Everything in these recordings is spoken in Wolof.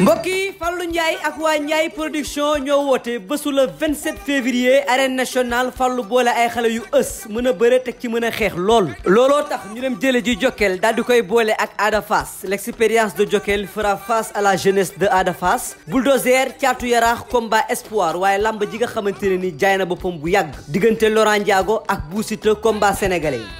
mbokk yi Fallou Ndiaye ak waa Ndiaye production ñoo woote bésu le 27 février arène nationale Fallou boole ay xale yu ës mën a bëre teg ci mën a xeex lool. looloo tax ñu dem jële ji Jokal daal di koy boole ak Ada Fass l'expérience de Jokal fera face à la jeunesse de Ada Fass bulldozer caatu yaraax combat espoir waaye lamb ji nga xamante ne ni jaay na boppam bu yàgg diggante Laurent Ndiago ak Bou Siteu combat sénégalais yi.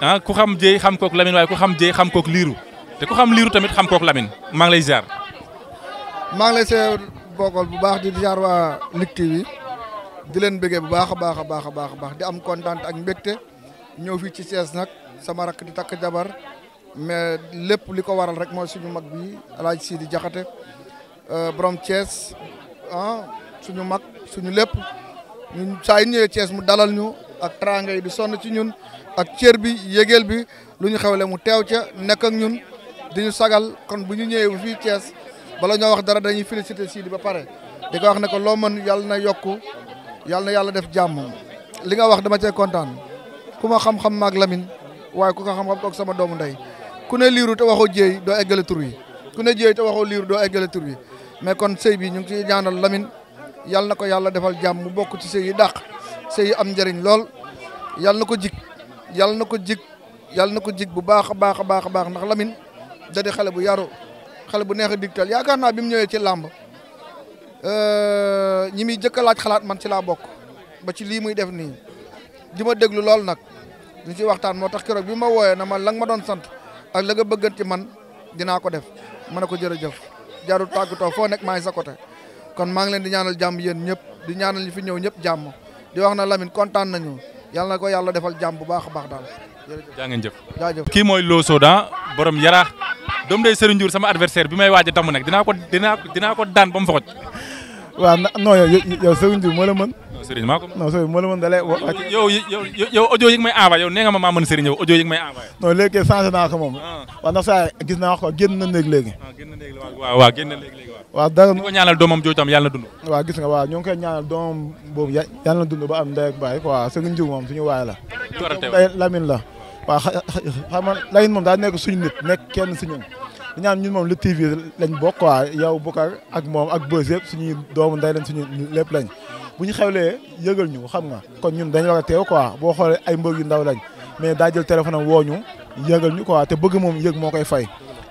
ah ku xam jéy xam kook Lamine xam jéy xam kook liiru te ku xam liiru tamit xam kook Lamine maa ngi lay ziar. maa ngi bu baax di ziar waa Lutte TV di leen bëggee bu baax a baax a baax a baax di am kontaan ak mbégte ñëw fii ci Thiès nag sama rakk di takk jabar mais lépp li ko waral rek mooy suñu mag bi El Hadj Sidi Diakhaté euh, borom Thiès ah suñu mag suñu lépp ñun saa yu ñëwee mu dalal ñu. ak teraanga yi di sonn ci ñun ak cër bi yëgeel bi lu ñu xewle mu teew ca nekk ñun di ñu sagal kon bu ñu ñëwee bu fii Thiès bala ñoo wax dara dañuy félicité Sidi ba pare di ko wax ne ko loo mën yàlla na yokku yàlla na yàlla def jàmm li nga wax dama cee kontaan ku ma xam-xam maag Lamine waaye ku ko xam-xam kook sama doomu ndey ku ne liiru te waxoo jéey doo eggale tur yi ku ne jéey te waxoo liiru doo eggale tur yi mais kon sëy bi ñu ngi ciy ñaanal Lamine yàlla na ko yàlla defal jàmm mu bokk ci sëy yi sëy am njariñ lool yàlla na ko jig yàlla na ko jig yàlla na ko jig bu baax a baax a baax a baax ndax lamin da xale bu yaru xale bu neex a digtal yaakaar naa bi mu ñëwee ci làmb euh, ñi muy jëkk laaj xalaat man ci laa bokk ba ci lii muy def nii di ma déglu lool nag ñu ci waxtaan moo tax keroog bi ma wooyee na ma lang ma doon sant ak la nga bëggan ci man dinaa ko def ma ne ko jërëjëf jaru jarul tàggatoo foo nekk maa ngi sa côté kon maa ngi leen di ñaanal jàmm yéen ñëpp di ñaanal ñi fi ñëw ñëpp jàmm di wax na Lamine kontaan nañu yàlla na ko yàlla defal jàmm bu baax a baax daal jërëjëf jaa ngeen jëf jaajëf kii mooy Lo Soda borom yaraax doom day Serigne Ndiour sama adversaire bi may waaj a damm nag dinaa ko dinaa dinaa ko daan ba mu waa waaw non yow yow Serigne Ndiour moo la mën Serigne maa ko non Serigne moo la mën da lay yow yow audio yi may envoyé yow nee nga ma maa mën Serigne yow yi may envoyé non léegi changé naa moom ah. waaw ndax saa naa ko génn na néeg ah, léegi waaw génn na néeg waaw waaw na néeg léegi waaw dara di ko ñaanal doomam jooju tam yàlla na dund. waaw gis nga waa ñoo ngi koy ñaanal doomam boobu yàlla na dund ba am ndey ak baay quoi Serigne Diouf moom suñu waay la. Lamine la. waa xam nga Lamine moom daa nekk suñu nit nekk kenn si ñun. di ñaan ñun moom lu TV lañ bokk quoi yow Boucar ak moom ak Beuz yëpp suñuy doomu ndey lañ suñu lépp lañ bu ñu xewlee yëgal ñu xam nga kon ñun dañ war teew quoi boo xoolee ay mbër yu ndaw lañ mais daa jël téléphone woo ñu yëgal ñu quoi te bëgg moom yëg moo koy fay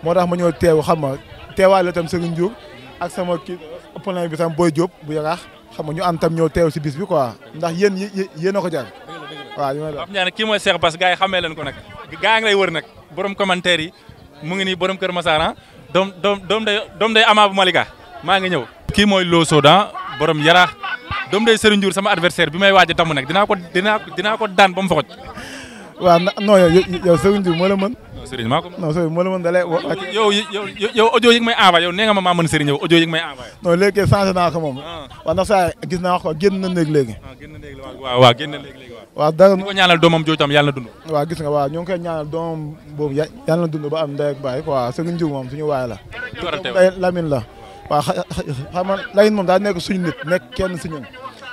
moo tax ma ñëw teew xam nga teewaay tam Serigne Diouf ak sama kii plan bi tam Boy Diop bu yaraax xam nga ñu ànd tam ñoo teew si bis bi quoi ndax yéen yéen ko jar waaw li ma la wax. Pape Ndiaye kii mooy Cheikh Bass gars yi xamee leen ko nag gaa ngi lay wër nag borom commentaire yi mu ngi ni borom Kër Massar ah doom doom doom day doom day Ama bu Malika maa ngi ñëw. kii mooy Lo Soda borom yara doom day Serigne Ndiour sama adversaire bi may waaj a damm nag dinaa ko dinaa ko ko daan ba mu waaw non yow yow sëriñ bi moo la mën. non sëriñ maa ko mën non yow yow yow yi nga may envoyé yow nee nga ma maa mën sëriñ yow audio yi may envoyé. non léegi kay changé naa ko moom. Ah. waaw ndax saa gis naa ko génn na néeg léegi. waaw ah, génn na néeg waaw waaw génn na néeg ñaanal doomam jooju tam yàlla dund. waaw gis nga waaw ñu ngi koy ñaanal doomam boobu yàlla dund ba am ndey ak baay quoi sëriñ Diouf moom suñu waay la. Lamine la waa xam nga Lamine daa nekk suñu nit nekk kenn si ñun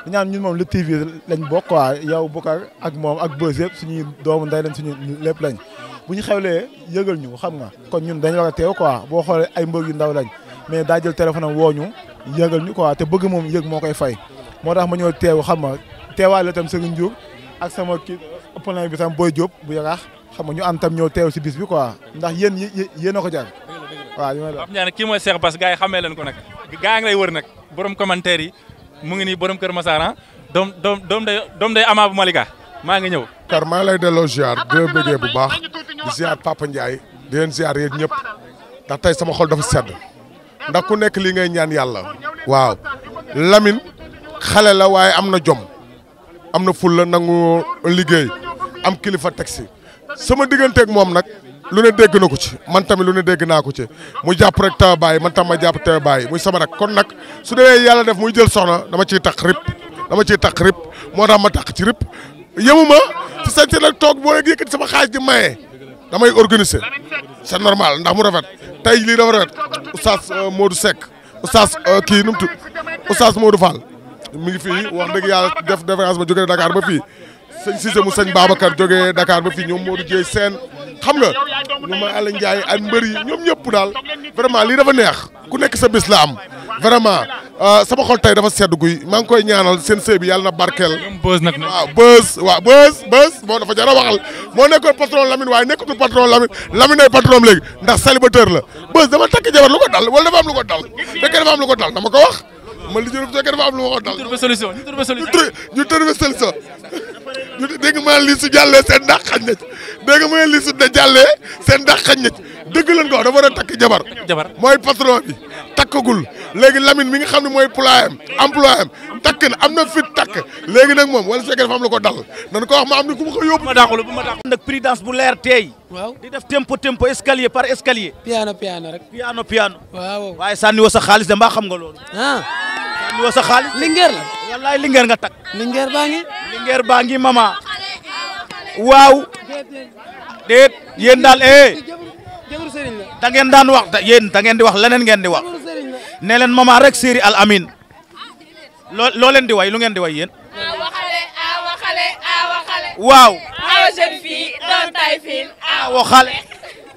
ñaan ñun moom Lutte TV lañ bokk quoi yow Boucar ak moom ak Beuz yëpp suñuy doomu nday lañ suñu lépp lañ bu ñu lee yëgal ñu xam nga kon ñun dañ war teew quoi boo xoolee ay mbër yu ndaw lañ mais daajal jël téléphone woo ñu yëgal ñu quoi te bëgg moom yëg moo koy fay moo tax ma ñëw teew xam nga teewaay la tam Serigne Diouf ak sama kii plan bi tam Boy Diop bu yaraax xam nga ñu antam tam ñëw teew si bis bi quoi ndax yéen yéen a ko jar waaw li ma la wax. kii mooy Cheikh Bass gars leen ko nag gaa ngi lay nag borom commentaire yi mu ngi nii borom Kër Masar ah doom doom doom day doom day Ama bu maliga maa ngi ñëw. kar maa lay delloo ziar di la bëggee bu baax di ziar Papa Ndiaye di leen ziar yéen ñëpp ndax tey sama xol dafa sedd eh, ndax ku nekk lii ngay ñaan yàlla. waaw Lamine xale la waaye am na jom am na la nangu liggéey am kilifa teg si sama digganteeg moom nag. lu ne dégg na ko ci man tamit lu ne dégg naa ko ci mu jàpp rek taw bàyyi man tam ma jàpp taw bàyyi muy sama rak kon nag su demee yàlla def muy jël soxna dama ciy takk rip dama ciy takk rip moo tax ma takk ci rip yemuma ci sañse la toog boo leen yëkkati sama xaaj maye damay organise seen normal ndax mu rafet tey lii dafa rafet oustaz euh, Modou Seck oustaz euh, kii nu mu tudd oustaz Modou Fall mu ngi fii wax dëgg yàlla def déférence ma jógee dakaar ba fii sëñ Cissé mu sëñ Babacar jógee Dakar ba fii ñoom Modou Dieye seen xam nga ñoom Alla Ndiaye ak mbër yi ñoom ñëpp daal vraiment lii dafa neex ku nekk sa bés la am vraiment euh, sama xol tey dafa sedd guy maa ngi koy ñaanal seen sëy bi na barkeel. waaw bës waaw bës bës moo dafa jar a waxal moo nekkoon patron Lamine waaye nekkatul patron Lamine Lamine ay patron léegi ndax célibataire la bës dama takk jabar lu ko dal wala dafa am lu ko dal fekkee dafa am lu ko dal ma ko wax. man li ñu doon fekkee dafa am lu ma dal. ñu trouvé solution ñu trouvé solution. ñu trouvé solution ñu dégg nga maanaam lii su jàllee seen ndax xañ na ci dégg nga maanaam lii su jàllee seen ndax xañ na ci dëgg lañ ko wax dafa doon takk jabar. jabar mooy patron bi takkagul léegi Lamine mi nga xam ne mooy ployam employam takk na am na fit takk léegi nag moom wala su fekkee dafa lu ko dal nan ko wax ma am na ku ma ko yóbbu. ma dàqul bu ma dàqul nag bu leer teey waaw di def tempo tempo escalier par escalier. piano piano rek. piano piano. waaw waaye sànni woo sa xaalis de mbaa xam nga loolu. Ah. ñu sa xaalis lingeer nga tak lingeer baa ngi lingeer baa ngi mama waaw déet yéen daal eh da ngeen daan wax yéen da ngeen di wax leneen ngeen di wax ne leen mama rek séri al amin loo leen di way lu ngeen di way yéen waaw awa jeune fille doon tay fil awa xale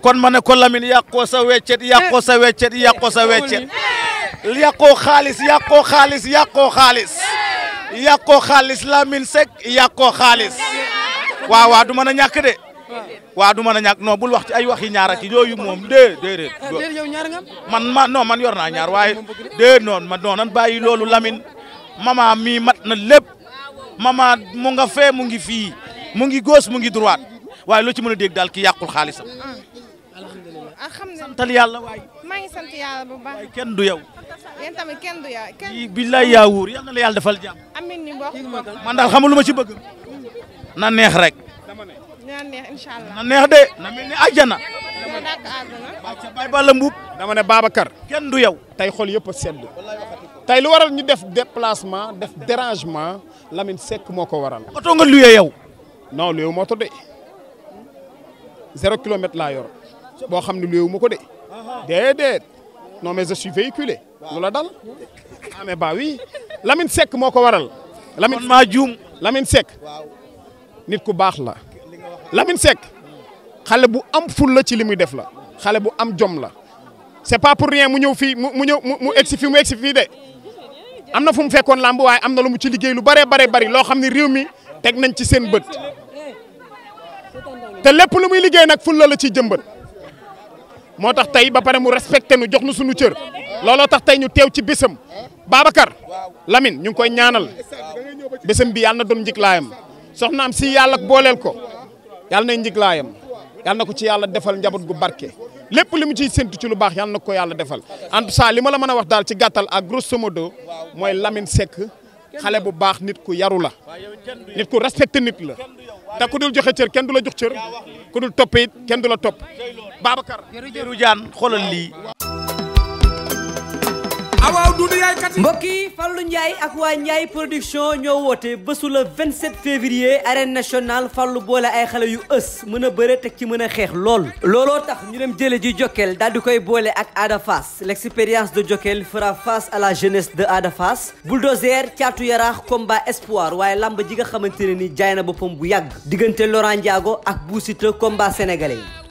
kon ma ne ko Lamine yàqoo sa weccet yàqoo weccet yàqoo sa weccet yàqoo xaalis yàqoo xaalis yàqoo xaalis yàqoo xaalis Lamine Seck yàqoo xaalis waa waa du mën a ñàkk de waaw du mën a ñàkk non bul wax ci ay wax yi ñaar ak yooyu moom dée déedéet man ma non man yor naa ñaar waaye dée noon ma doonan bàyyi loolu Lamine mama mii mat na lépp mama mu nga fee mu ngi fii mu ngi gauche mu ngi droite waaye loo ci mën a dégg daal ki yàqul xaalisam ah, ah, yàlla waaye ngi sant yàlla du yow yéen tamit kenn du yaa kenn. yaa la yàlla defal jàmm. amiin ñu bokk man daal xamal lu ma ci bëgg. na neex rek. na neex neex de. na mel ni àjjana. bay ba dama ne Babacar. kenn du yow. tey xol yëpp a sedd. tey lu waral ñu def déplacement def dérangement Lamine Seck moo ko waral. oto nga luyee yow. non luyee moo to de zéro kilomètre laa yor boo xam ne luyee wu ma ko de. déedéet non mais je suis lu la dal amee ah, ba moo ko waral. Lamine kon maa juum Lamine Seck nit ku baax la Lamine sekk xale bu am ful la ci li muy def la xale bu am jom la c'est pas pour rien mu ñëw fii mu mu ñëw mu si fii mu egg si de am na fu mu fekkoon làmb waaye am na lu mu ci liggéey lu bare bare bari loo xam ni réew mi teg nañ ci seen bët eh, eh, te lépp lu muy liggéey nag fun la la ciy jëmbat. moo tax tey ba pare mu respecté nu jox nu suñu cër looloo tax tey ñu teew ci bésam Babacar lamin ñu ngi koy ñaanal bésam bi yàlla na doon njiglaayam soxnaam si yàlla booleel ko yàlla na njiglaayam yàlla na ko ci yàlla defal njaboot gu barke lépp li mu ciy séntu ci lu baax yàlla na ko yàlla defal en tout li ma la mën a wax daal ci gàttal ak grosso mooy Lamine Seck xale bu baax nit ku yaru la nit ku respecté nit la te ku dul joxe cër kenn du la jox cër ku dul topp it kenn du la topp Babacar. jërëjëf jaan xoolal lii. Ah, waaw Doudou yaay mbokk yi Fallou Ndiaye ak waa Ndiaye production ñoo woote bésu le 27 février arène nationale Fallou boole ay xale yu ës mën a bëre teg ci mën a xeex lool looloo tax ñu dem jële ji Jokkel daal di koy boole ak adafas Fass l'expérience de Jokkel fera face à la jeunesse de Ada Fass bulldozer caatu yaraax combat espoir waaye lamb ji nga xamante ne ni jaay na boppam bu yàgg diggante Laurent Ndiago ak Bou Siteu combat sénégalais yi